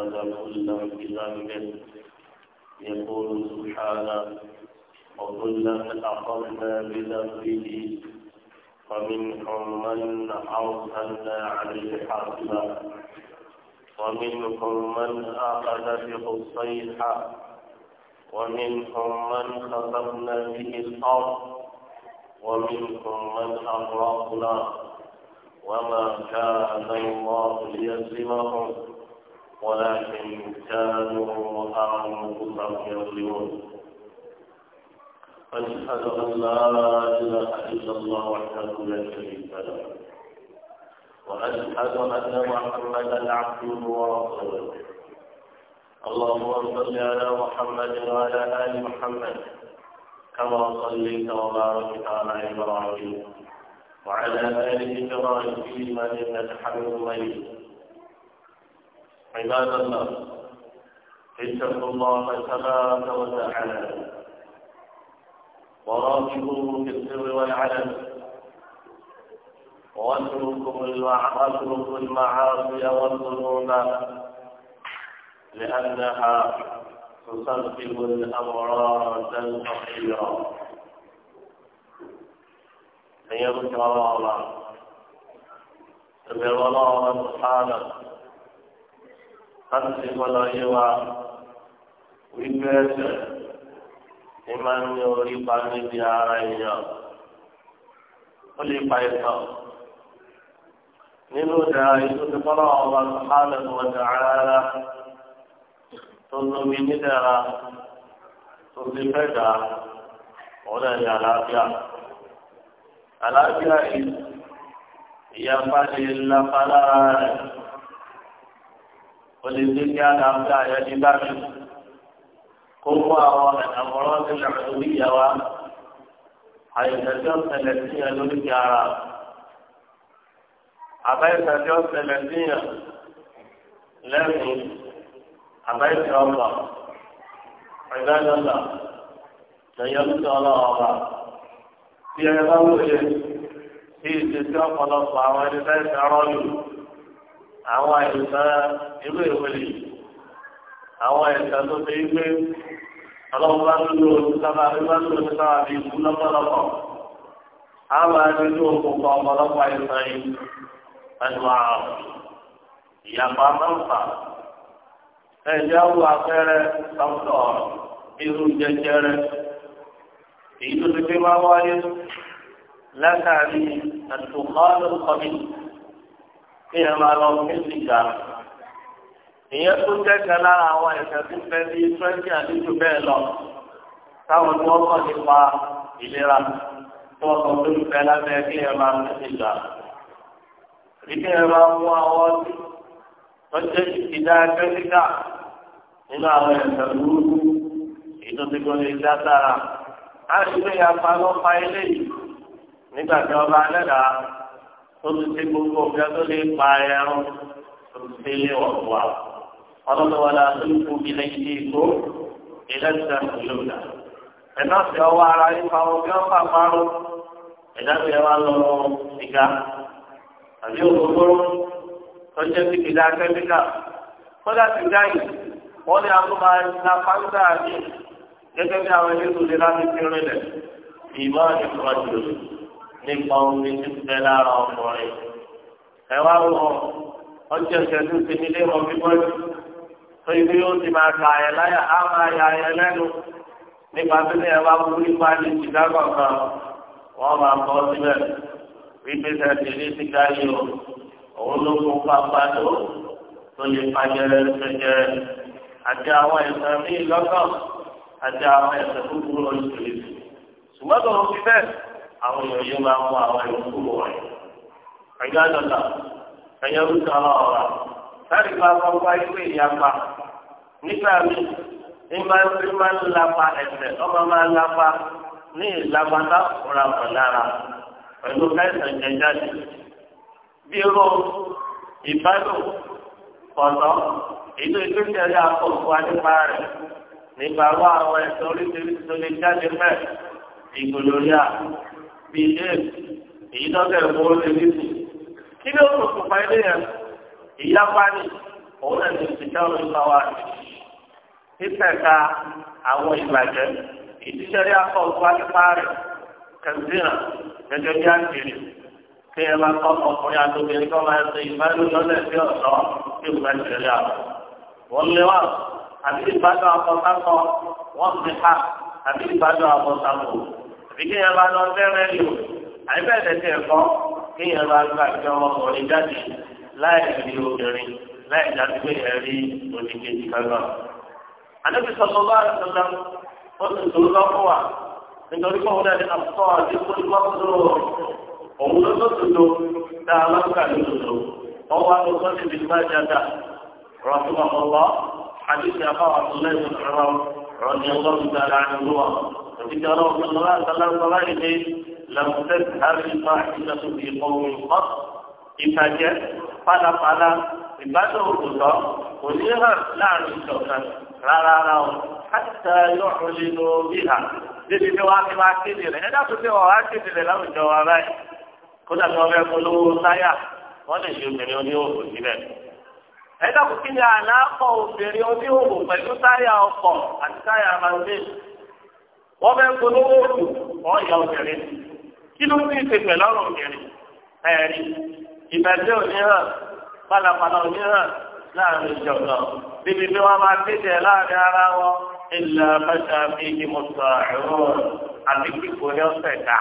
هذا كله بذنب يقول سبحانه وكلا أخذنا بذنبه فمنهم من أرسلنا عليه حربا ومنهم من أخذ بقصيحة ومنهم من خطبنا به الأرض ومنهم من أغرقنا وما كان الله ليظلمهم ولكن كانوا أنفسهم يظلمون أشهد أن لا إله إلا الله وحده لا شريك له وأشهد أن محمدا عبده ورسوله اللهم صل على محمد وعلى آل محمد كما صليت وباركت على إبراهيم وعلى آل إبراهيم إنك حميد مجيد عباد الله اتقوا الله تبارك وتعالى وراقبوه في السر والعلن واتركوا المعاصي المعاصي والذنوب لأنها تسبب الأمراض الخطيرة فيذكر الله الله سبحانه láti ṣe kọ́lọ́ yé wa wípé ẹsẹ̀ ní máa ń ní orí pa níbi ara èèyàn ó lè pa ìtàn nínú ìdá ètò ti kọ́lọ́ ọba sàkálẹ̀ ọjà rárá tó lómi nídàra tó ti fẹ́ dà ọ̀nà ní àlàáfíà àlàáfíà yìí ìyá bá lè lápá lára rẹ̀ olùdíje ní àlàáfíà ẹni bá mi kó mú àwọn àmọ̀ràn ti lọ́dún níyà wa àìsàjọ́ ṣẹlẹ̀ sí ẹ lórí ara àbáyìsàjọ́ ṣẹlẹ̀ sí ẹ lẹ́nu àbáyìsà ọ̀pọ̀ ìdánilọ́lá lẹ́yìn ọ̀pọ̀ ọlọ́ọ̀ba tí ẹ bá wọlé bí ìṣesí ọ̀pọ̀lọpọ̀ àwọn ẹni bẹ́ẹ̀ sọ̀rọ̀ àwọn àìsàn irú ìwé lè àwọn àìsàn tó ṣe gbé ọlọ́run bá lólo olùsábà bí bá lólo olùsábà bí ikú lọ́pọ̀lọpọ̀ á máa nínú òkùnkùn ọ̀pọ̀lọpọ̀ àìsàn yìí ẹnu àrùn ìyàpá máa ń fà ẹ̀jẹ̀ àwọn àpẹẹrẹ sọ́tọ̀ irú jẹjẹrẹ èyí tó ti fi máa wáyé látàrí àtùkọ́ lórúkọ mi kéèyàn máa lọ fíìsì gbà ìyẹn tó kẹ́kẹ́ lára àwọn ẹ̀sẹ̀ tó fẹ́ bí twenty àti jù bẹ́ẹ̀ lọ táwọn tí wọ́n kọ́ nípa ìlera tí wọ́n kọ́ tó fẹ́ lábẹ́ kéèyàn máa fíìsì gbà bí kéèyàn máa mú àwọn ọtí tọ́jú ìdá kẹ́kíkà nínú àwọn ẹ̀sẹ̀ lúrú ìdọ́sígbọ́n lè dá sára á rí pé apá lọ́pàá eléyìí nígbà tí ọba alẹ́ dàá olùsè gbogbo ọ̀gá tó lè pa ẹran olùsè lé ọ̀gbọ́n ọlọ́dọ̀wọ́lá tó ń kú ilé ilé ìgbó ìlẹ́sẹ̀ ìlúdà ẹ̀dá sì ọwọ́ ara nípa ọ̀gá pàpàrọ̀ ẹ̀dá sì ẹwà lọ sìgá àbí òkòkòrò tó jẹ́ sí kìlá kẹ́míkà kódà sìgá yìí wọ́n ní akóba ẹ̀dá pàǹtà àti gẹ́gẹ́ bí àwọn ẹ̀dá tó lè láti fi rìn lẹ̀ ìmọ̀ àti ìfọ̀rọ̀ nípa omi tí ń bẹ lára ọkùnrin. ẹ wá wọ ọjọ́ ìṣẹ́jú ti nílé wọn bí wọ́n tó ibi yóò ti máa ka ẹ̀ láyà á máa ya ẹ̀ lẹ́nu nípa tó ní ẹ̀ bá kú nípa ní ìdágbọ̀n kan wọ́n máa bọ́ síbẹ̀ wípé sẹ́ẹ̀tì ní ti ká yìí o òun ló kó pápá tó tó lè pàjẹrẹ pẹjẹrẹ àti àwọn ẹ̀sán míì lọ́kàn àti àwọn ẹ̀sán kúkúrú oṣù lè ṣùgbọ́n tó ń fi bẹ́ẹ̀ àwọn èèyàn yóò máa mú àwọn ìlú kúrò wọn. ẹ̀yà dọ̀dà ẹ̀yà rúta ọ̀rọ̀ láti gba pápá ìwé ìyapa nígbà míì ìmọ̀ ẹ̀fí máa ń lapa ẹ̀fẹ̀ ọmọ máa ń lapa ní ìlàgbàtà ọ̀rọ̀ àpọ̀ lára pẹ̀lú kẹsàn-án jẹjáde. bí irú ìbálò ọ̀nà ìlú ìgbésẹ̀lẹ̀ àkọ́kọ́ nípa rẹ̀ nígbà wà àwọn ẹ̀sọ́ oríṣiríṣi bíi títẹ̀ka àwọn ìbàjẹ́ ìdíṣẹ́rí akọ̀ wá nípa gẹ́gẹ́ bí àkèrè kí ẹ máa kọ́ ọkùnrin àtòkèrè kọ́ máa ṣe ìbálò sí ọ̀dọ́ tí ó bá ṣẹlẹ̀ àwọn. wọ́n lé wà àbí ìbádọ́ ìkéyàn bá lọ fẹ́rẹ́ lò àìbẹ̀rẹ̀ tẹ̀ kọ́ kéyàn bá gba ìjọ ọkùnrin jáde láì rí obìnrin láì dájú pé ẹ rí oníkejì kágbà. àdébí sọ̀tọ̀ bá àtúntà ó ti tòun lọ fún wa nítorí pé òun dàbí àpò àti kólúkọ́ tó òun ló tó tòtò dá aláǹkà ló tòtò ọwọ́ àwọn tó ti bìí máa jáda rọ̀tùmọ̀ ọ̀lọ́ àdébí àbáwọ̀ àtúntà ìṣòro rọ̀ ní ọlọ́run وفي جرى صلى الله عليه وسلم قبائله لم تذهب الفاحشة في قوم قط ìfàjẹ́ pálapàla ìbádọ́ òkùtọ́ kò ní hàn láàrin ìjọkan rárá rá o káṣíta yóò rún nínú bíhà níbi tí wàá fi máa kéde rẹ̀ ẹ̀dá tó fi wọ́n wá kéde rẹ̀ láwùjọ wa báyìí kódà tí wọ́n fẹ́ lè ṣe obìnrin oníhòòhò síbẹ̀. ẹ̀dá kò kí ni àlàkọ̀ obìnrin oníhòòhò pẹ̀lú táyà ọkọ̀ àti táyà máa wọ́n fẹ́ polówó òkú ọ̀yà obìnrin kí ló ní ìṣe pẹ̀lú ọ̀rọ̀ obìnrin ẹ̀rí ìbẹ̀jẹ̀ òní hàn pálapàla òní hàn láàrin ìjọba bíbí bí wọ́n máa tẹ̀sẹ̀ láàrin ara wọn ilẹ̀ mẹ́ta bí i mọ̀tò àìrò àbí kíkó ní ọ̀sẹ̀ ká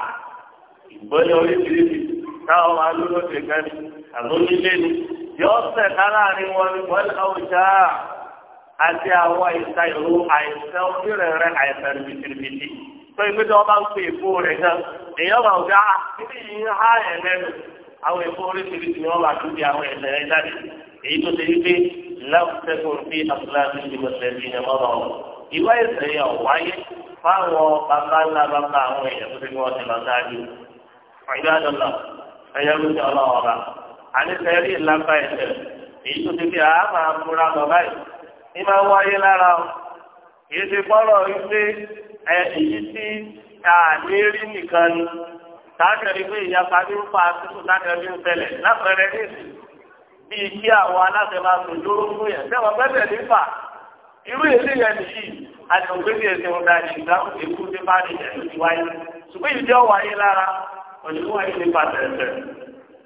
ìgbóni oríṣiríṣi táwọn máa lólóṣèlú kan ní àbónílé ni yọ ọ̀sẹ̀ ká láàrin wọn ni wọ́n àti àwọn ìta ìlú àìsàn ojúrẹ̀ rẹ̀ àìsàn bìtìbìtì tó ibi tí wọ́n bá ń pe èkó rẹ̀ gan èèyàn máa ń gbé a ah, kíní yìí ń há ẹ̀lẹ́nu àwọn èkó oríṣiríṣi ni wọ́n máa tún bí àwọn ẹ̀lẹ́ rẹ̀ jáde èyí tó ṣe wípé láwùjẹ́kùn bí abúláàbí ti bọ̀sẹ̀ bí ẹ̀ mọ́ lọ́wọ́ ìwá ẹ̀sẹ̀ yẹn ò wáyé fáwọn bàbá ńlá bàbá àwọn èèyàn tó ti wọ́n ti lọ sáájú ìgbàdọ̀lọ̀ ẹ̀yẹ́ ló ti ọlọ́wọ́ bá àti sẹ́rí ìlànà ẹ̀sẹ̀ èyí tó ti fi ní máa wáyé lára o kìí ṣe wípé ẹ tí àní nìkan ni táàkiri pé ìyapa ní ń fa àtúntò táàkiri ń tẹ̀lẹ̀ lápẹẹrẹ ní ìsìn bíi kí àwọn aláṣẹ máa sùn dúró fún yẹn tẹ́wọ̀n pẹ́ẹ́tẹ̀ nípa irú èlé yẹn nìyí àti ògbésí ẹsẹ̀ wọn dáa ní ìgbà èkú tí bá ní ẹ̀rù ti wáyé ṣùgbọ́n ìdí ọ̀wọ́ ayé lára òyìnbó ayé ní pàtẹ́ẹ̀tẹ̀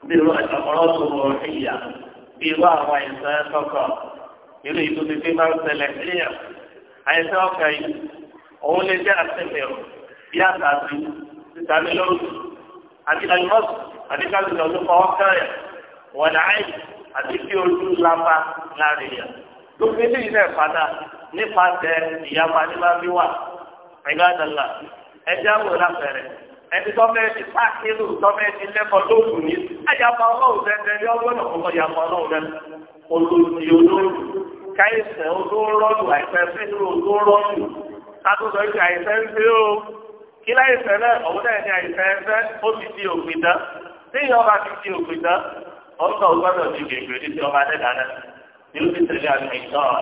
bí bí irú àwọn ẹ̀sán ẹ̀sọ́kọ̀ irú yìí tó ti fi máa ń ṣẹlẹ̀ síyàn àyẹ̀sẹ̀ ọkàn yìí òun lè jẹ́ àtẹ̀lẹ̀ ọ̀ bí àtàtì títàmì lórí àti àyùmọ́sù àti kábíyà olùkọ́ ọkàn yẹn wọ̀nà àyè àti kí ojú lápá láàrin yẹn. gbogbo ilé yìí náà padà nípasẹ̀ ìyapa ní máa fi wà ẹ̀gá dàgbà ẹ̀jẹ̀ àwọn olàfẹ̀rẹ̀ ẹni tọ́mẹ́ẹ̀tì pákínú tọ́mẹ́ẹ̀tì lẹ́kọ̀ọ́ lóògùn ní àyàpá ọlọ́run tẹ́tẹ́ ní ọgbọ́n náà kọ́kọ́ yàpá ọlọ́run náà olóògùn yóò káìsẹ̀ olórọ́dù àìsẹ̀ sínú olórọ́dù kátólọ́ ìgbà àìsẹ̀ o kí láìsẹ̀ náà ọ̀hún náà ní ó ti di òpin dán téèyàn bá ti di òpin dán ọ̀sán ọgbọ́dọ̀ ti gbègbè ní ọba dẹ́dáná ní ó ti tẹ̀lé àmì ìtàn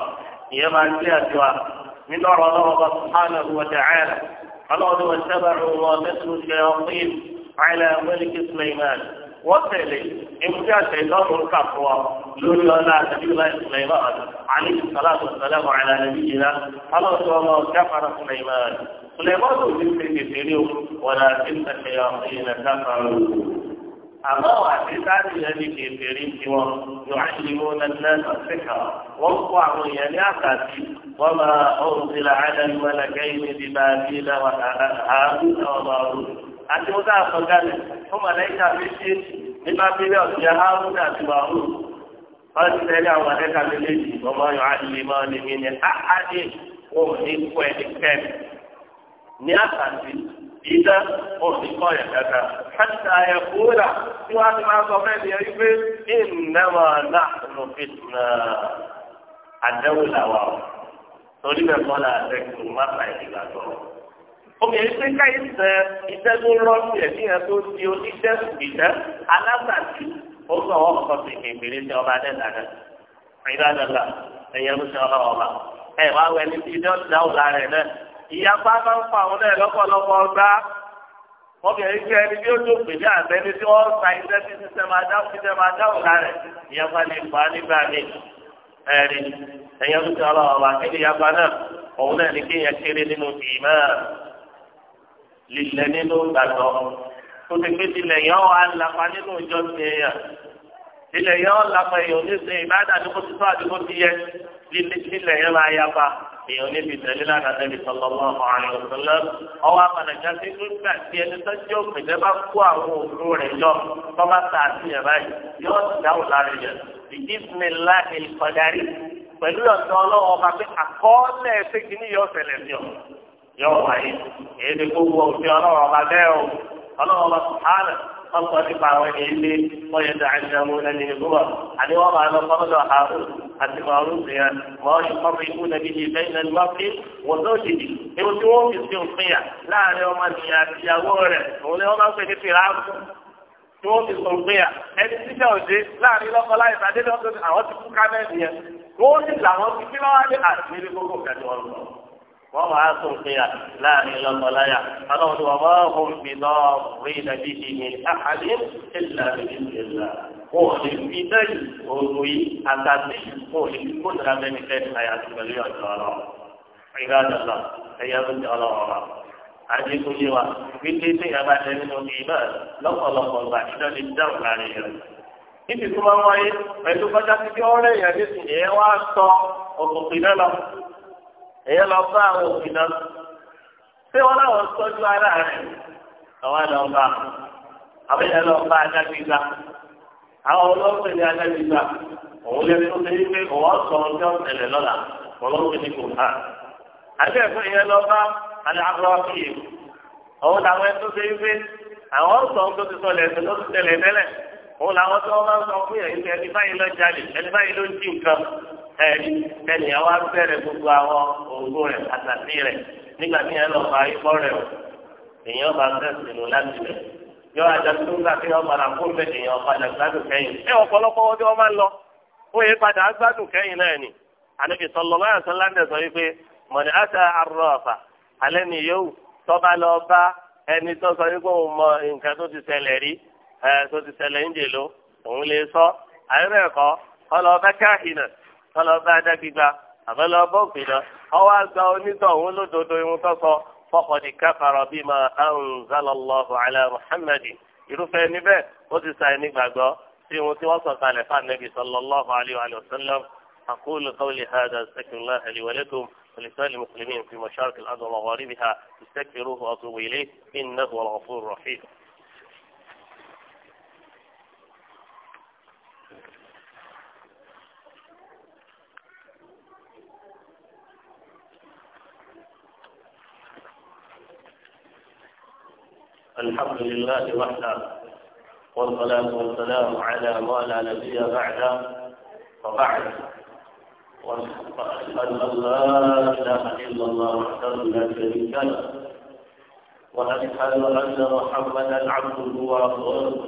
ìyẹn máa ń gbé àtiwá nínú ọ̀rọ̀ ọlọ́wọ́ bá sùhánà wọ ọlọ́run wọn sábà rún wọn mẹ́sàn-án ṣe ọ̀pìn àìlẹ́ wọ́n tẹ̀lé ìmúdí àṣẹ ìdánwò ń kà fún wa lórí ọlá àtàbílá ìsìlẹ̀mọ́ àní sàlátù sàlámù àlà nàbí yìí náà alọ́sọ ọmọ káfàrà sùlẹ̀mọ́ rẹ̀ sùlẹ̀mọ́ tó ti ṣe kékeré o wọ́n náà ti ń tẹ̀lé ọmọ yìí náà káfàrà o. àmọ́ àti sáàtì yẹn ni kékeré ti wọn yóò àṣìwò nàdínà sàṣẹkà wọ́n kó àwọn èèyàn ní àkàtì wọ́n máa ọ̀rùn àti wọn sáà kọjá ní fún mọ̀lẹ́kà méjì nípa bílẹ̀ ọ̀sẹ̀ harun àti bàrú wọn àwọn méjì ọmọ yọ ní mi ní àádé ní kú ẹni ní ìdá ní kọ́ ẹ̀ ẹ̀ kúrà tí wọ́n ti máa sọ ìnáwó náà ló fi àdéhùn làwà torí bẹ́ẹ̀ obìnrin pé ká ìsẹ iṣẹ́ tó rọrùn rẹ ní ẹ̀tọ́ di oníṣẹsùn ìṣẹ alábàtì ó sọ wọn kọ sí ìbèrè ní ọba dẹta rẹ ìdádọlà ẹyẹ ló ṣe ọlọ́rọ̀ ọba ẹ wá wẹ ní ti dán dáhùn lára ẹ náà ìyapa máa ń fa àwọn náà lọ́pọ̀lọpọ̀ ọgbà obìnrin pé ẹni tí ó tó pèlè àtẹni tí wọn sa iṣẹ́ tí ṣiṣẹ́ máa dáhùn ṣiṣẹ́ máa dáhùn lára ẹ ìyapa lè fà nígbà míì ẹ̀rí ẹyẹ ló ṣe ọlọ́rọ̀ ọba kí lílẹ̀ nínú gbàgbọ́ tó ti pé tilẹ̀ yẹn wà lápá nínú ìjọ ti yẹn tilẹ̀ yẹn wà lápá èèyàn oníṣe ìbáàdà àdúgbò ti tó àdúgbò ti yẹ lílẹ̀ yẹn máa yá pa èèyàn níbi ìtẹ̀lé lánàá tẹ̀lé sọlọ́mọ́ àrùn òṣèlú ọwọ́ apàdàjà sí nígbà tí ẹni tó jẹ́ òpèjẹ́ bá kó àwọn òru rẹ̀ yọ tó bá ta àtìyàn báyìí yóò dáhùn lára yẹn ìdísmìlá ìkọ̀dárí pẹ̀lú ọ̀dọ́ ọlọ́wọ́ ọba pé àkọọ́lẹ̀ ṣé yọ wáyé èyí ni gbogbo òfin ọlọ́run ọba bẹ́ẹ̀ o ọlọ́run ọba sùhánà ọkọ̀ nípa àwọn ènìyàn ilé wọ́n yẹ dáa ní àwọn ẹni ní gbogbo àti wọ́n máa lọ fọ́nọ́dọ̀ àrùn àti màrún ìyẹn wọ́n ikú nàbí ní ìfẹ́ wọ́n tó ewu tí wọ́n fi sí òfin yà láàrin ọmọ nìyà ìyàwó rẹ̀ òun ni wọ́n máa ń pè ní tí wọ́n wọ́n máa sùn kéyà láàrin lọ́kọ̀láyà ọlọ́run ni wọ́n bá hùn bí lọ́ọ́ rí ìdájí ìhìn àhàdé ìlà ìlà wọn ò lè fi dẹ́yìn òògùn yìí àtàtì wọn ò lè fi kóòtù lábẹ́ mi fẹ́ àyàtì pẹ̀lú ọ̀dọ́ ọlọ́run ìgbà dọ̀lọ́ ẹ̀yà ló ti ọlọ́run ọ̀rọ̀ àti ìkúnjẹ wa wípé tí ìyàbá tẹ nínú ìmọ̀ lọ́pọ̀lọpọ̀ gbà ìdọ́lẹ̀ dáhùn láàrin rẹ̀ níbi tó máa ń wáyé pẹ̀lú bọ́jà tí ọ̀rẹ́ ìyàgbé sì èyí lọ bá àwọn òbí náà ṣé wọn ara rẹ̀ àwọn ẹ̀dọ̀ bá àwọn ẹ̀dọ̀ bá adágbègbà àwọn ọlọ́pẹ̀ ní adágbègbà òun lè tó ṣe wípé òun sọ ọjọ́ ẹ̀lẹ̀ lọ́la ọlọ́pẹ̀ ní kò hàn àti ẹ̀fọ́ lọ bá àlẹ́ àbúrò fìyè òun làwọn ẹ̀ tó ṣe wípé àwọn sọ ti òun làwọn tó wọn bá sọ ẹ̀rí ẹni àwa bẹ̀rẹ̀ gbogbo àwọn òògùn rẹ̀ àtàtì rẹ̀ nígbà tí ẹ lọ́ọ́ fa ikọ́ rẹ̀ o èèyàn bá ń tẹ̀sí lò láti rẹ̀ yọ àjà tó ń gbà kí wọ́n padà kó bẹ̀ èèyàn padà gbádùn kẹ́yìn. ẹ ọ̀pọ̀lọpọ̀ ọjọ́ wọn máa ń lọ padà gbádùn náà ni sọlọ sọ wípé mọ̀nì sọ wípé òun mọ nǹkan tó ti rí tọ́lọ́ bá dá gbígba àbẹ́lẹ́ ọbọ̀ òpinna ọwọ́ àgbà onítọ̀ òun lódodo irun tọ́sọ fọkàn ní káfàrọ̀ bíi máa anzalallahu ala muhammadin irúfẹ́ níbẹ̀ ó ti sa ẹni gbàgbọ́ sí ohun tí wọ́n sọ kalẹ̀ fún anabi sallallahu alayhi wa sallam aqulu qawli hadha astaghfirullah li wa lakum ولسائر المسلمين في مشارق الأرض ومغاربها استكبروه وأتوبوا إليه إنه هو الغفور الرحيم الحمد لله وحده والصلاة والسلام على ما لا نبي بعده وبعد وأشهد أن لا إله إلا الله وحده لا شريك له وأشهد أن محمدا عبده ورسوله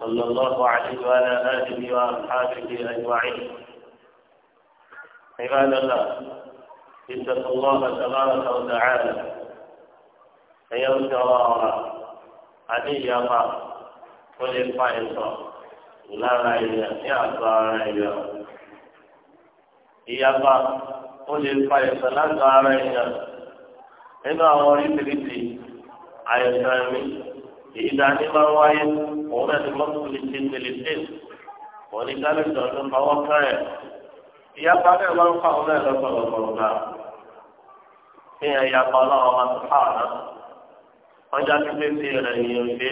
صلى الله عليه وعلى آله وأصحابه أجمعين عباد الله اتقوا الله تبارك وتعالى ẹ̀yọ́ ń tọ́ ọ̀rọ̀ àti ìyapa ó lè fa ìtọ̀ lára èèyàn ní àgọ́ ara èèyàn. ìyapa ó lè fa ìtọ̀ lágọ̀ ara èèyàn nínú àwọn oríṣiríṣi àìsàn ẹ̀mí ìdáni máa ń wáyé òun náà ti mọ́tòlì ti tẹ̀lé wọ́n ní kálíṣọ̀ ló fọwọ́ kárẹ̀ ìyapa náà máa ń fa òun náà lọ́pọ̀lọpọ̀ gbà. Ìyẹn ìyapa ọlọ́run máa ń pa àná ọjà pípé sí rẹ̀ yìí ṣe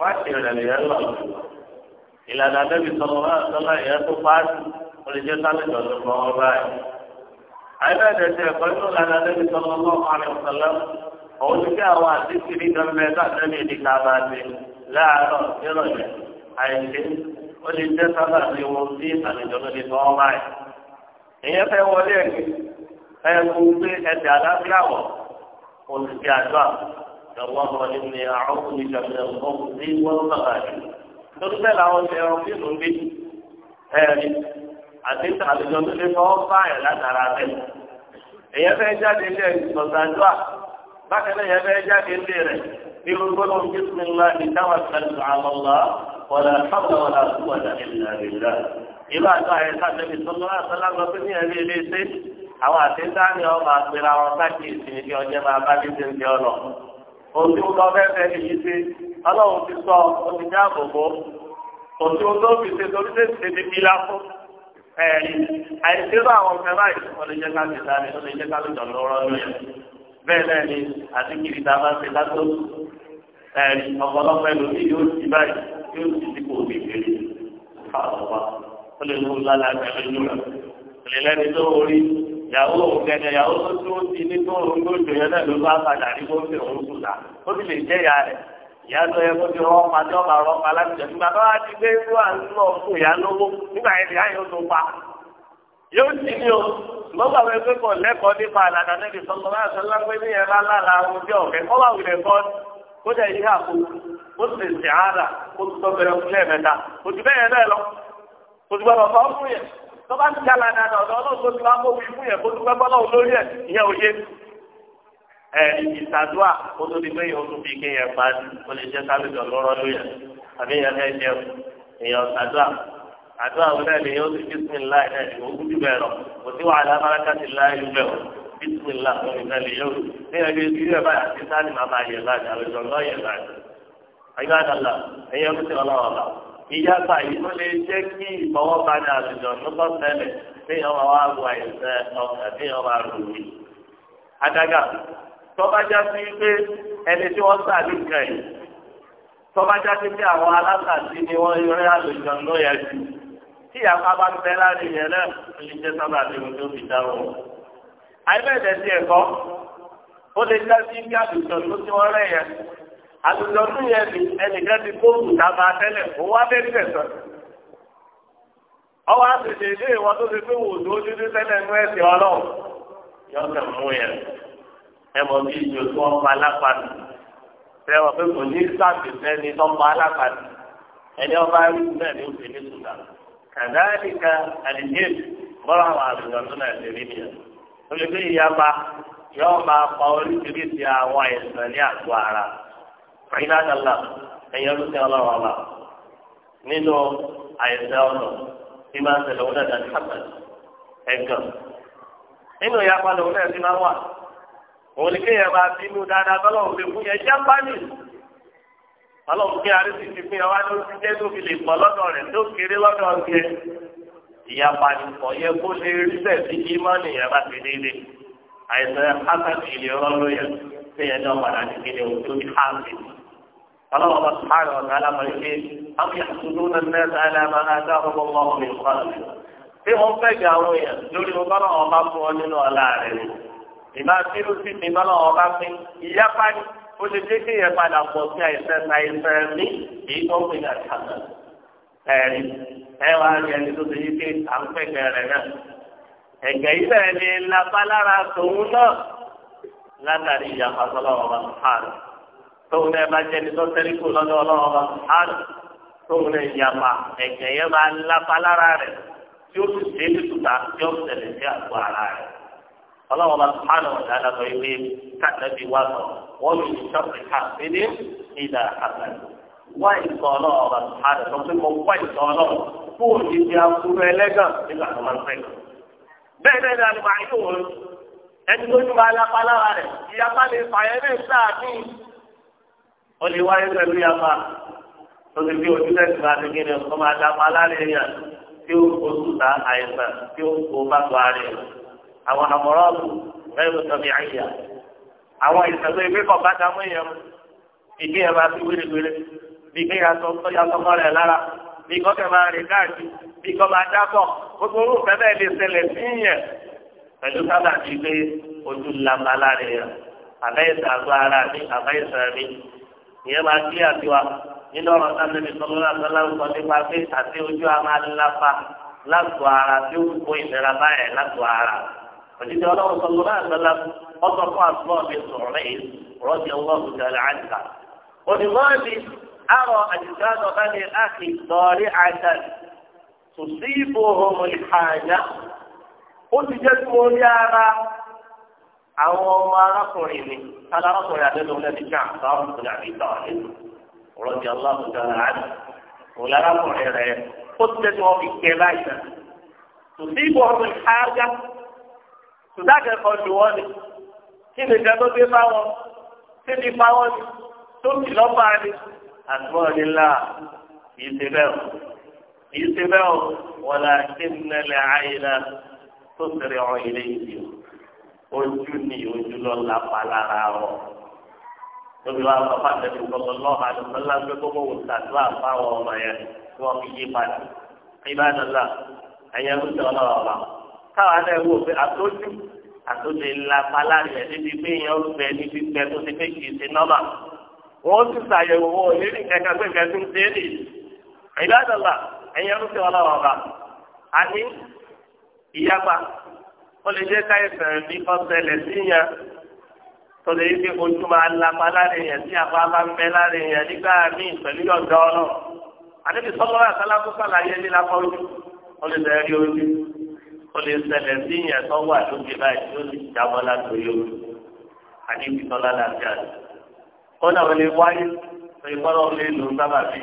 wá sí rẹ̀ yẹn lọ. ìlànà débi sọ̀rọ̀ wá sọ́lá ìyẹn tó parí olùjẹ́ sálẹ̀ lọ́dún fún ọ báyìí. àìbẹ̀dẹ̀ ti ẹ̀kọ́ inú ìlànà débi sọ̀rọ̀ lọ́ àrùn sọ̀lọ́ òun ti kí àwọn àtìsí ní gọ́ọ̀mẹ̀ntà tẹ́lẹ̀ èdè kaba ti láàárọ̀ nírọ̀lẹ́ àìsí olùjẹ́ sábà ti wọ́n sí àlejò lọ́dún fún ọ báyìí. ìyẹn fẹ́ wọlé ẹ̀kú اللهم إني أعوذ بك من الخبز والمغادر torípé làwọn ṣe ẹran fíìmù ń bí ẹ̀rí àti àlejò tó lè fọwọ́ fáyẹ̀ látara rẹ̀ èyẹ fẹ́ jáde ilé ìsọ̀tàdúà bákan náà èyẹ fẹ́ jáde ilé rẹ̀ bí gbogbo bísímìlá ìdáwà sẹ́lẹ̀ àlọ́lá wọlé àtàwọn wọlé àtúwọ̀ dàbí nàìjíríà ìlú àti àyè sábẹ́bí tó lọ́wọ́ àtàlágbọ́ tó ní ẹ̀rí ilé iṣẹ́ àwọn àti sáà ni ọ òtí ń lọ fẹ́fẹ́ èyí ṣe ọlọ́run ti sọ omi ní àbòbò òtí ń lọ fi ṣe torí ṣe ṣe ti bílá fún ẹ̀rí àìsírò àwọn ọ̀fẹ́ báyìí ọlẹ́jẹ́ ká ti sáré ọlẹ́jẹ́ ká lójọ lọ́rọ́ lóyè bẹ́ẹ̀ náà ni àti kiri tá a bá ṣe lásán ẹ̀rí ọ̀pọ̀lọpọ̀ ẹlòmíì yóò ti báyìí yóò ti ti kò ní ìgbèrè fáwọn ọba ó lè lóun ìyàwó òun gẹ́gẹ́ tó tó ti ní tó òun tó jòyẹ náà ló bá padà ní kó fi òun sùn là ó sì lè jẹ́ ìyá rẹ̀ ìyá tó yẹ kó fi rọ́ọ̀pá tí ọba rọ́ọ̀pá láti jẹ̀ tó wá ti gbé irú àlọ́ fún ìyá lówó nígbà yẹn ìyá yóò tó pa yóò sì ní o lọ́gbà wọn pé kò lẹ́kọ̀ọ́ nípa àlàdà níbi sọ́kọ́ bá aṣọ lápẹ́ ní ẹ̀rọ alára ojú ọ̀fẹ́ kọ́ bá wulẹ̀ kọ́ kó jẹ́ ìyá kó kó sì sì ara kó tó tọ́ bẹ̀rẹ̀ fún lẹ́ẹ̀mẹ́ta kò jù bẹ́ẹ̀ yẹn náà lọ kò jù bọ́ tó bá ti jàlá dáadáa ọ̀dọ̀ ọlọ́run tó ti wá kó fi fún yẹn kó dúpẹ́ bọ́lá òun lórí ẹ̀ ìyẹn òye. ẹ ìtàdúà ó tó di pé yẹn ó tún fi kéèyàn pa ó lè jẹ́ sábẹ́jọ lọ́rọ́ lórí ẹ̀ àbí yẹn fẹ́ jẹun èèyàn tàdúà àdúrà wọn náà lè yẹn ó ti bísímìlá ẹ̀ náà ìwọ kú jùlọ ẹ̀rọ kò sí wàhálà bárakàtì láàyè bẹ̀ ọ́ bísímìlá wọn náà lè yẹn ó ní ẹgbẹ́ ìdílé báyà sí sáà ní màmá yẹ̀ láàyè àlejò náà yẹ̀ láàyè. ayé wàhálà ẹ̀yẹ́ ń tẹ̀ ọlọ́wọ́ báwò ìyáta yìí ló lè jẹ́ kí ìfọwọ́bani àtijọ́ lọ́kọ́ sẹ́lẹ̀ téèyàn máa wá wà ìfẹ́ ọkàn téèyàn máa rù mí. Adága tọ́bajá sí pé ẹni tí wọ́n sà ní nǹkan yìí tọ́bajá sí pé àwọn alásàtì ni wọ́n rí àlùjọ ló yẹ sí. Tí ìyàpá bá ń bẹ láàrin yẹn náà ó lè jẹ́ sábà tí mo tó fi dáwọ́. Àyẹ̀bẹ̀dẹ̀ sí ẹ̀kọ́ ó lè já sí bí àlùjọ ló tí wọ́n rẹ̀ yẹn àtùjọ tún yẹn ni ẹnìkan ti bóòlù dábà tẹ́lẹ̀ ó wá dé ní ẹ̀sán. ọwọ́ àtúnṣe ilé ìwọ tó fi wò ló tẹ́lẹ̀ ọlọ́run yọ mú yẹn bí ìjọ tó ń pa alápàdé pé kò ní sáàbì sẹ́ni tó ń pa alápàdé ẹni ọba rí bẹ́ẹ̀ ni ó fi ní sùdà kàdáàdìkà bọ́lá àwọn náà rí nìyẹn ó lè gbé ìlà àdàlà ẹ̀yìn ọdún tí wọn lọ́wọ́ ọ̀la nínú àìsàn ọ̀nà tí máa ń tẹ̀lé ọ̀nà ìdájọ́ àbàlẹ̀ ẹ̀gàn nínú ìyá apalẹ̀ ọ̀nà ẹ̀sìn máa wà òun ni kéèyàn máa bínú dáadáa tọ́lọ̀ òfin fún yẹn jápánì ọlọ́run kí arísí ti fún yàrá ló ti jẹ́ tó fi lè pọ̀ lọ́dọ̀ rẹ̀ tó kéré lọ́dọ̀ rẹ̀ ìyapa nìkọ̀ yẹ kó lè rí bẹ́ẹ̀ sí ìmọ̀nì yẹn bá ti dédé àìsàn hasan ìlú ọlọ́run yẹn tẹ̀yẹ̀ náà padà ní kíni òun tó ọlọ́wọ́ bá sùhánù ọ̀tá alámọ̀lẹ́ pé àwọn ìyàtúndún náà mẹ́ta alámọ̀ àti àwọn ọmọ ọmọ mi kọ́ bí wọ́n fẹ́ gẹ àwọn èèyàn lórí wọn bọ́lá wọn bá fún ọ nínú ọ̀la rẹ̀ ni ìmọ̀ àtírú sí mi bọ́lá wọn bá pín ìyapa ni ó lè dé kí ìyẹn padà pọ̀ sí àìsẹ́ àìsẹ́ mi èyí tó ń pè ní àtàkà ẹ̀rí ẹ wá rí ẹni tó ti yí pé à ń pẹ̀kẹ́ rẹ̀ náà ẹ̀gẹ́ yìí bẹ̀rẹ̀ ni lápá lára tòun náà látàrí ìyàpá sọ́lá wọn bá sùn tóun náà bá jẹ́ ní sọ́sẹ́rì kù lọ́dọ̀ ọlọ́run ọba hàn tóun náà yàpá ẹ̀jẹ̀ yẹn máa ń lápá lára rẹ̀ tí ó sì ṣe é tuta tí ó tẹ̀lé sí àgọ́ ara rẹ̀ ọlọ́run ọba hàn ọ̀dà àdàtọ̀ ìwé kàtẹ́bí wà sọ wọ́n lù ní sọ́ọ̀tì ká pédé ìdá àgbàdo wá ìtọ́ ọlọ́run ọba hàn sọ pé mo wá ìtọ́ ọlọ́run fún òdìdí akúrú ẹlẹ́gàn nígbà tó máa ń pẹ́ ẹni tó ń bá alápá lára rẹ̀ ìyapa lè fà ó lè wáyé pẹ̀lú yàrá lórí bí ojúlẹ̀ tí wàá nígbè ní ọkọ máa dáa máa láre yàn tí ó oṣù ta àìsàn tí ó kó bá tó àárẹ̀ àwọn àmọ̀ràn ọ̀tún lẹ́yìn tó tọ́bi àyà àwọn ìṣẹ̀lẹ̀ ìwé kan bá dáa mú ìyẹn mu ìgbé yẹn bá fi wéréwéré bí ìgbé yàtọ̀ yàtọ̀ mọ́ rẹ̀ lára bí kọ́kẹ́ máa rìn káàkiri bí kọ́ máa dákọ̀ gbogbo orú fẹ́ bẹ́ẹ̀ lè ṣẹlẹ̀ sí yẹn pẹ̀lú sábà ti gbé ojú làmàlà rẹ̀ àbẹ́yẹsà àgbà ara mi àbẹ́yẹsà mi ìyẹn máa kí àtiwá nínú ọ̀rọ̀ sáà níbi sọ́lọ́ láti aláwùjọ nípa pé àti ojú a máa láfa látò ara tí ó kó ìlera báyẹn látò ara. òjijì ọlọ́run sọ́lọ́ láti aláwùjọ ọkọ̀ fún àtúbọ̀ mi sọ̀rọ̀ lẹ́yìn rọ́bì ọlọ́run tẹ̀lé àjà. òdìmọ́ọ̀dì àrọ̀ àjùkáàdọ̀ bá ní àkì lọ́ọ̀rí àjà tòsí ìbò àwọn ọmọ arákùnrin mi alárakùnrin àdéhùn lẹ́ni ká sáwọn ìpínlẹ̀ àbíkà ọ̀lẹ́ ọ̀rọ̀dì aláàbùdá làánì òun arákùnrin rẹ̀ ó ti tẹ́tí wọn fi kẹ́ báyìí náà tòsí ìbò ọmọ ìhájá tòdákẹ́ kan ju wọn ni kí ni ìjà tó dé bá wọn kí ni bá wọn ni tó ti lọ́ ni àtúmọ̀ nílá kì í ṣe bẹ́ẹ̀ o kì í bẹ́ẹ̀ o wọ́n la kí nílẹ̀ àyè náà tó ṣẹlẹ̀ ọ̀ ojú ni ojú lọ lápá lára ọ tóbi wá lọ fà tẹ̀sí kọ́kọ́ lọ́wọ́ àdùnnálá pé kó mọ̀ wò sàdúrà fáwọn ọmọ yẹn tí wọ́n fi yí padà ìbádọ́là ẹ̀yẹ ń tọ́ lọ́wọ́ ọ̀la káwọn náà wò pé àtọ́jú àtọ́jú lápá lára ẹ̀ níbi pé yẹn ń bẹ níbi pẹ́ tó ti fẹ́ kì í ṣe nọ́mà wọ́n ti ṣàyẹ̀wò wọn ò ní ní kankan pé nǹkan ń ṣe é nì ìbádọ́là ẹ̀yẹ ń tọ́ lọ́wọ́ ọ̀la àní ìyapa ó lè jẹ́ ká ẹsẹ̀ mi kọ́ ṣẹlẹ̀ sí yẹn tó lè fi ojú máa lapa lára yẹn tí àbá bá ń bẹ lára yẹn nígbà míì pẹ̀lú yọ̀dọ̀ ọ̀nà àdébí sọ́lọ́ àtàlákó sàlàyé lílapá ojú ó lè bẹ̀rẹ̀ rí ojú ó lè ṣẹlẹ̀ sí yẹn tó wà lókè báyìí tó lè jábọ́ látòrí ojú àdébí sọ́lá láti àná kódà wọlé wáyé tó ìkọ́lọ́ wọlé lòún sábà fi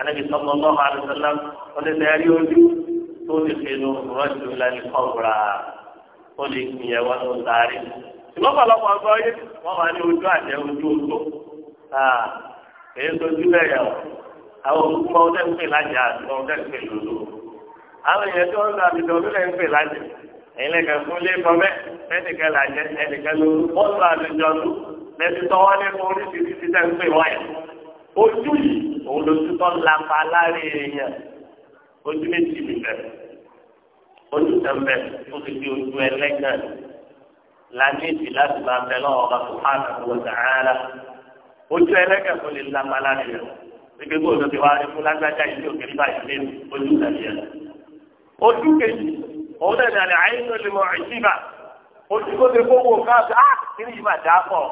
àdébí sọ́lọ́ àlùsọ́lá tó lè fi lu rọ́jò lálẹ́ kọ́ra ó lè fi yẹ wọn lọ sáré. ṣùgbọ́n pàlọ́pọ̀ ọgbọ́ yé wọ́n máa ní ojú àjẹ ojú oṣù. èyí tó ju bẹ́ẹ̀ yẹ ọ́ àwọn olùkọ́ ọdẹ ń pè lájà àti ọdẹ ń pè lòlò. àwọn èèyàn tó ń lọ àbìtẹ olùkọ́ ń pè lájà èyí lè kẹ́ fún lébọ bẹ́ẹ̀ ẹnìkan làjẹ ẹnìkan ló wọ́n lọ àbìjọ lù lẹ́sí tọ́wọ́ nínú oríṣiríṣi tẹ́ ń pè wáyà. ojú yìí òun ló tún tọ́ lápá láàrin èèyàn ojú méjì nìkan onítẹ̀mbẹ̀ tó ti di ojú ẹlẹ́gàn lánìtì láti máa bẹ lọ́wọ́ ọba subhanahu wa ta'ala ojú ẹlẹ́gàn kò lè lápá láti rẹ̀ gbígbé gbòòdò ti wá rí fún lágbájá ìdí òkèlè báyìí lé ojú ìtàgé rẹ̀. ojú kejì òun náà dàní àyínú lè mọ ìjìbà ojú tó ti kó wò ká á kiri ìbà dá pọ̀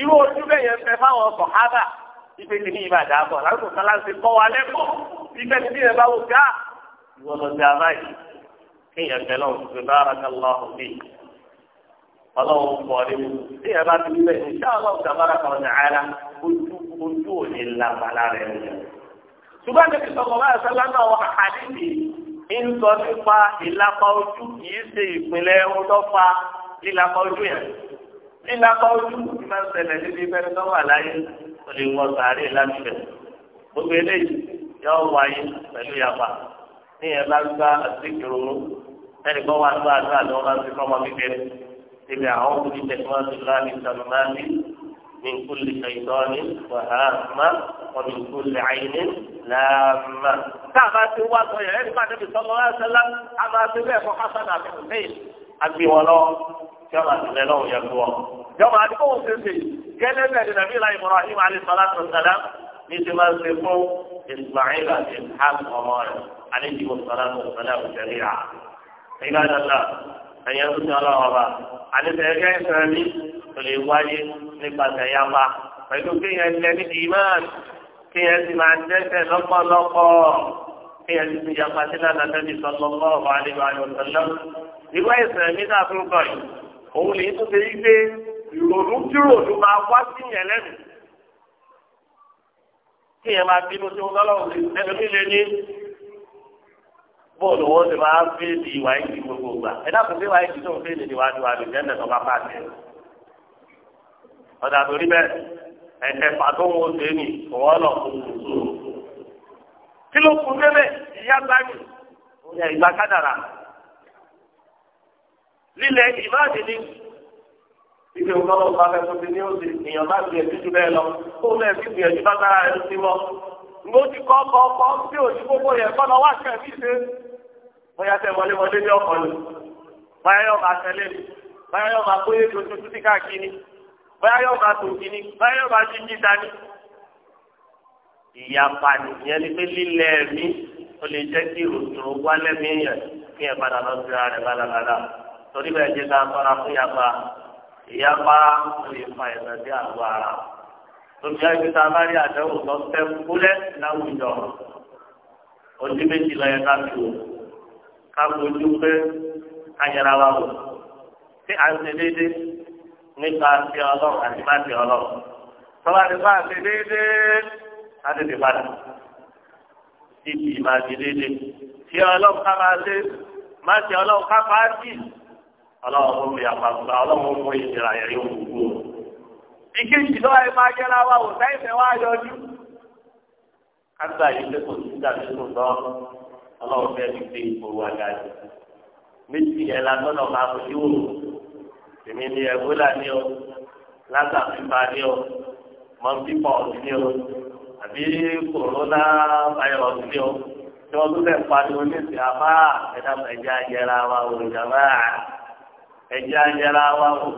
irú ojú bẹ́ẹ̀ yẹn fẹ́ fáwọn sọ̀hábà ìgbésẹ̀ ní ìbà dá pọ̀ láti kọ́ wa lẹ́kọ̀ọ́ ìgbésẹ̀ ní ìbá wò ká ìwọ lọ sí abáyé kéèyàn bẹ lọ́wọ́ pé bára ká lọ́wọ́ bí ọlọ́wọ́ pọ̀ nínú kéèyàn bá ti bẹ̀ níṣẹ́ ọlọ́wọ́ tàbára kan ní ara ojú ojú ò ní lábala rẹ̀ ni. ṣùgbọ́n ní kìsọ̀kọ̀ báyìí sọ́lá náà wà àdìsí ń sọ nípa ìlàpá ojú kìí ṣe ìpínlẹ̀ ohun lílàpá ojú yẹn lílàpá ojú ti máa ṣẹlẹ̀ níbi ìfẹ́ tó wà láyé ó sàárè láti gbogbo eléyìí yọ wáyé pẹ̀lú yàpá níyẹn bá gbá àtìkìrò ẹnìkan wà gbá àgbà lọ láti fọmọ bíbẹ tẹbi àwọn òbí tẹsán ti láàbí sàmùmáàbí ní nkúlì ṣàìdọ́ọ̀nì wàhálà wọn ní nkúlì àyìnì làmà. káàbà ti wá sọ yẹn ẹni bá tẹbi sọlọ ẹsẹlá a máa ti bẹ́ẹ̀ fọ hasan àti hussein àgbè wọn lọ tí wọn àti bẹ́ẹ̀ lọ́wọ́ yẹn lọ. jọba àdúgbò wọn ti sè gẹ́lẹ́ bẹ́ẹ̀ ni nàbí láì mọ̀rọ̀ عليه الصلاة والسلام جميعا عباد الله أن يرد الله وبا على سيرجع سامي فليواجه نبقى سيابا فإنه كي يجلب إيمان كي يجمع عندك لقى لقى كي يجمع يقاتلنا النبي صلى الله عليه وآله وسلم رواية سامي تأكل قري òun lè tó ṣe pé ìrònú jíròrò máa wá sí yẹn lẹ́nu kí yẹn máa bínú tí wọn lọ́wọ́ lẹ́nu nílé ní bóòlù wo ti máa ń fi di ìwà ìdí gbogbo gbà ẹ dákun sí ìwà ìdí tó ń fi di ìwà ìdí àdùn jẹ́ndẹ̀ tó bá bá tẹ̀. ọ̀dà torí bẹ́ẹ̀ wo wọ́n lọ kí ló kún débẹ̀ ìyá gbáyì ìgbà kádàrà. lílẹ̀ ni bá ní òsì èèyàn bá bẹ́ẹ̀ lọ kó lẹ́ẹ̀ fi gbìyànjú bóyá tẹ wọléwọlé ní ọkọ ni bóyá yóò máa tẹlé ni bóyá yóò máa kóyè tuntun títí káàkiri bóyá yóò máa tò kí ni bóyá yóò máa jíjí dání. ìyapa nìyẹn ni pé lílẹ̀ mi ó lè jẹ́ kí òtún wálẹ̀ mi yàn kí ẹ̀ padà lọ sí ara rẹ̀ bàdàbàdà torí bẹ́ẹ̀ jẹ́ ká fara fún yapa ìyapa ó lè fa ẹ̀sán sí àgọ́ ara lóbi àti tá a bá rí àdéhùn lọ fẹ́ kúlẹ̀ láwùjọ ojú méjì lọ yẹ ká fi wò ká gbójú pé ká yẹra wa wò tí a ń ṣe déédéé nípa ti ọlọ́run àti má ti ọlọ́run tọ́ba ti bá ṣe déédéé á tètè padà ibi ìmọ̀ àti déédéé tí ọlọ́run ká máa ṣe má ti ọlọ́run ká máa jì ọlọ́run ó fi àpapọ̀ ọlọ́run ó mú ìṣẹ̀lẹ̀ àyẹ̀rí òkú o. ìkejì lọ́wọ́ ẹ máa yẹra wa wò sáyẹ̀fẹ̀ wá yọjú. ká gbà yí kò sí ìdàgbàsókè náà ọlọ́run fẹ́ fi gbé ipò wa dájú. méjì yẹn la gbọ́dọ̀ máa fojú wò tèmi ní ẹgbẹ́lá ní o lásàfífà ní o mọ́típọ̀ ní o àbí kòrónà fáyọ̀sì ní o tí wọ́n tún lè pariwo ní ìsìn afá ẹ̀dá ẹ̀jẹ̀ ajẹ́ra wa wò ẹ̀jẹ̀ ajẹ́ra wa wò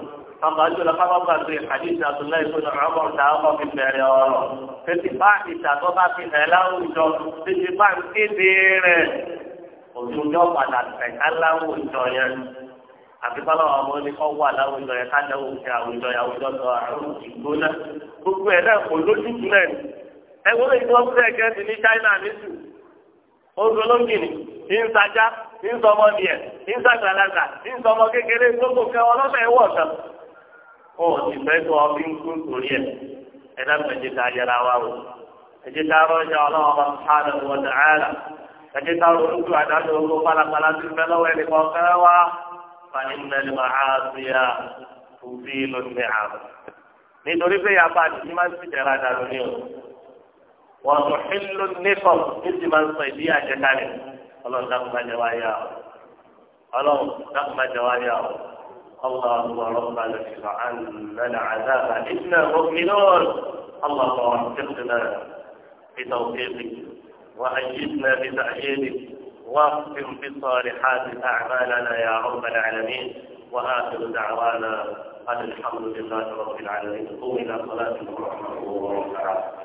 pàápàá jùlọ kábàbà pé àdìsí àtúnlá ìfúnná ọmọ ta ọmọ fi bẹ̀rẹ̀ ọ̀rọ̀ tètè bá ìtàgọ́ bá fi hẹ̀ láwùjọ tètè bá ń kéde rẹ̀ òjòjọ́ padà tẹ̀ká láwùjọ yẹn àti báwọn ọmọ ní kọ́ wà láwùjọ yẹn kájà òkè àwùjọ yẹn àwùjọ sọ àrùn ìgbóná gbogbo ẹ̀ náà kò lójútu náà ẹ wọ́n ìgbọ́ fúlẹ̀ gẹ́gẹ́ ní China nísù olùdókìní ìntajà ìnsọmọdìẹ ìntagbàlagbà ìnsọmọ kékeré gbogbo kẹwọn lọ́fẹ̀ẹ́ wọ̀ sàn ó sì fẹ́ tó ọ fi ń kú torí ẹ̀ ẹ dábàá ẹ̀jẹ̀ ká yẹra wa o ẹ̀jẹ̀ ká rọ́jà ọlọ́run ọba sùhánà wọ̀ dàáyàrá ẹ̀jẹ̀ ká ronúkú àdájọ́ ogun pálapàla ti fẹ́ lọ́wọ́ ẹni kan fẹ́ wá fani mẹ́lì máa ṣíyà òfin lónìí àrùn nítorí pé yàtọ̀ àti máa ń sì jẹ́ra dànù ní o wọ́n tún xìlù nífọ̀ níbi máa ń sọ ìdí àjẹkálẹ̀ ọlọ́run dákùnmájẹ wáyà ọlọ́run dákùnmájẹ wáyà ọ̀hún. اللهم ربنا اشف عنا العذاب إنا مؤمنون اللهم وفقنا بتوفيقك وأجدنا بتأييدك واغفر بصالحات أعمالنا يا رب العالمين وآخر دعوانا أن الحمد لله رب العالمين قوم إلى صلاه ورحمة الله وبركاته